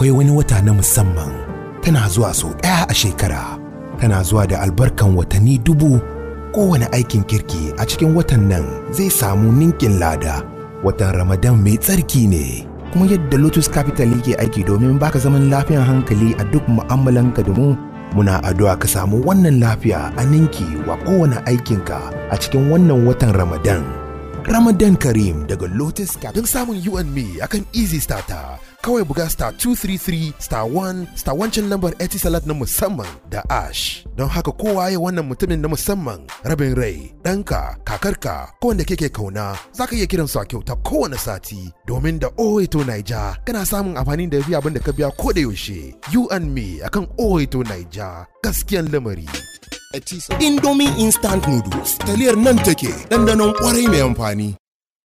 akwai wani wata na musamman tana zuwa sau ɗaya a shekara tana zuwa da albarkan watanni dubu kowane aikin kirki a cikin watan nan zai samu ninkin lada watan ramadan mai tsarki ne kuma yadda lotus capital yake aiki domin baka zaman lafiyan hankali a duk mu'amalanka da mu muna addu'a ka samu wannan lafiya a ninki wa kowane aikinka a cikin wannan watan ramadan Ramadan Karim daga Lotus Cap don samun you and me akan Easy Starter. Kawai buga star 233 star 1 star wancan lambar Eti Etisalat na musamman da ash. Don haka kowa ya wannan mutumin na musamman rabin rai, ɗanka, kakarka, ko wanda keke kauna za ka iya kiran su a kyauta kowane sati domin da Oeto Naija kana samun amfani da fi abin da ka biya ko da yaushe. You and me akan Oeto Naija gaskiyan lamari. Indomie instant noodles taliyar nan take ɗanɗanon ƙwarai mai amfani.